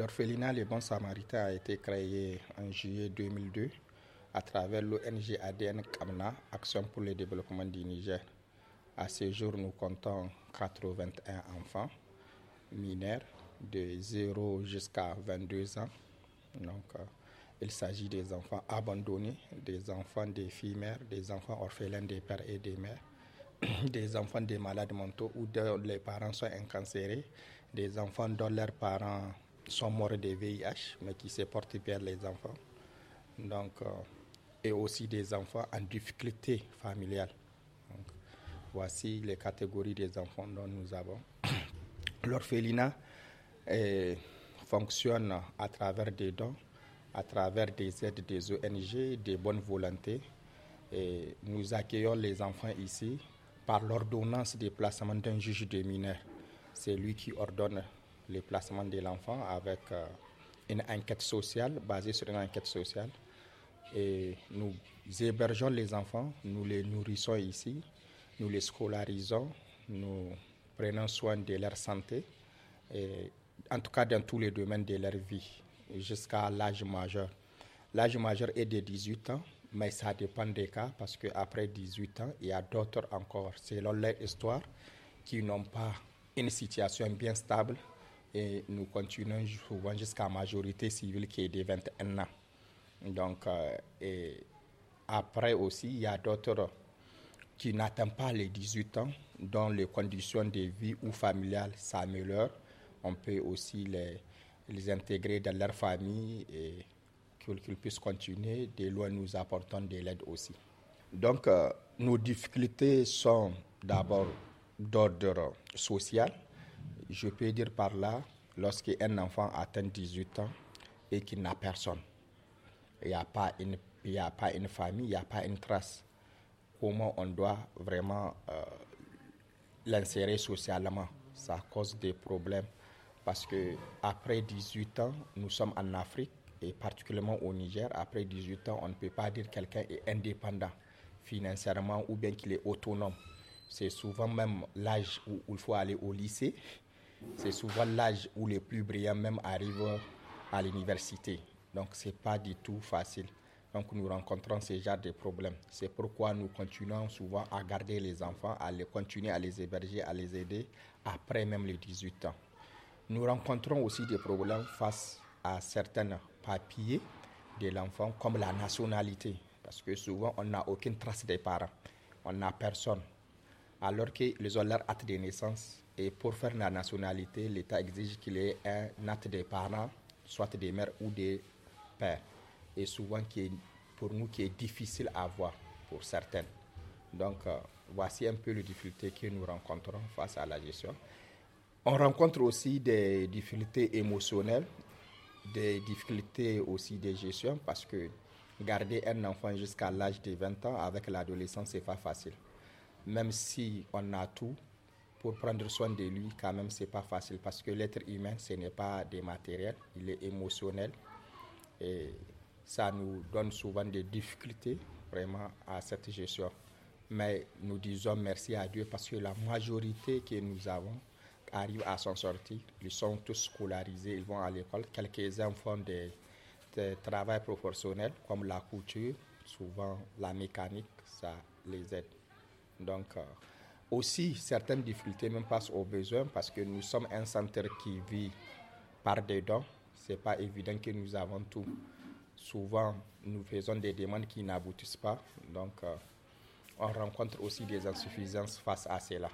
L'orphelinat Les Bons Samaritains a été créé en juillet 2002 à travers l'ONG ADN Kamna, Action pour le développement du Niger. À ce jour, nous comptons 81 enfants mineurs de 0 jusqu'à 22 ans. Donc, euh, il s'agit des enfants abandonnés, des enfants des filles mères, des enfants orphelins des pères et des mères, des enfants des malades mentaux ou dont les parents sont incancérés, des enfants dont leurs parents sont morts des VIH, mais qui se portent bien les enfants. Donc, euh, et aussi des enfants en difficulté familiale. voici les catégories des enfants dont nous avons. L'orphelinat eh, fonctionne à travers des dons, à travers des aides des ONG, des bonnes volontés. Et nous accueillons les enfants ici par l'ordonnance de placements d'un juge des mineurs. C'est lui qui ordonne le placement de l'enfant avec euh, une enquête sociale, basée sur une enquête sociale. Et nous hébergeons les enfants, nous les nourrissons ici, nous les scolarisons, nous prenons soin de leur santé, et en tout cas dans tous les domaines de leur vie, jusqu'à l'âge majeur. L'âge majeur est de 18 ans, mais ça dépend des cas parce qu'après 18 ans, il y a d'autres encore, selon leur histoire, qui n'ont pas une situation bien stable et nous continuons souvent jusqu'à majorité civile qui est de 21 ans. Donc, euh, après aussi, il y a d'autres qui n'atteignent pas les 18 ans, dont les conditions de vie ou familiales s'améliorent. On peut aussi les, les intégrer dans leur famille et qu'ils puissent continuer. des lois nous apportons de l'aide aussi. Donc, euh, nos difficultés sont d'abord d'ordre social, je peux dire par là, lorsqu'un enfant atteint 18 ans et qu'il n'a personne, il n'y a, pas une, famille, il n'y a pas une trace, comment on doit vraiment euh, l'insérer socialement Ça cause des problèmes parce que après 18 ans, nous sommes en Afrique et particulièrement au Niger, après 18 ans, on ne peut pas dire quelqu'un est indépendant financièrement ou bien qu'il est autonome. C'est souvent même l'âge où il faut aller au lycée c'est souvent l'âge où les plus brillants même arrivent à l'université. Donc ce n'est pas du tout facile. Donc nous rencontrons ce genre de problèmes. C'est pourquoi nous continuons souvent à garder les enfants, à les continuer à les héberger, à les aider après même les 18 ans. Nous rencontrons aussi des problèmes face à certains papiers de l'enfant comme la nationalité parce que souvent on n'a aucune trace des parents, on n'a personne. Alors que les leur acte de naissance et pour faire la nationalité, l'État exige qu'il ait un acte des parents, soit des mères ou des pères. Et souvent, qui pour nous, qui est difficile à avoir pour certaines. Donc, euh, voici un peu les difficultés que nous rencontrons face à la gestion. On rencontre aussi des difficultés émotionnelles, des difficultés aussi de gestion, parce que garder un enfant jusqu'à l'âge de 20 ans avec l'adolescence, ce n'est pas facile. Même si on a tout, pour prendre soin de lui, quand même, c'est pas facile parce que l'être humain, ce n'est pas des matériels, il est émotionnel et ça nous donne souvent des difficultés vraiment à cette gestion. Mais nous disons merci à Dieu parce que la majorité que nous avons arrive à s'en sortir. Ils sont tous scolarisés, ils vont à l'école. Quelques-uns font des, des travaux comme la couture, souvent la mécanique, ça les aide. Donc, euh, aussi certaines difficultés même passent aux besoins parce que nous sommes un centre qui vit par dedans. dons. Ce n'est pas évident que nous avons tout. Souvent, nous faisons des demandes qui n'aboutissent pas. Donc, euh, on rencontre aussi des insuffisances face à cela.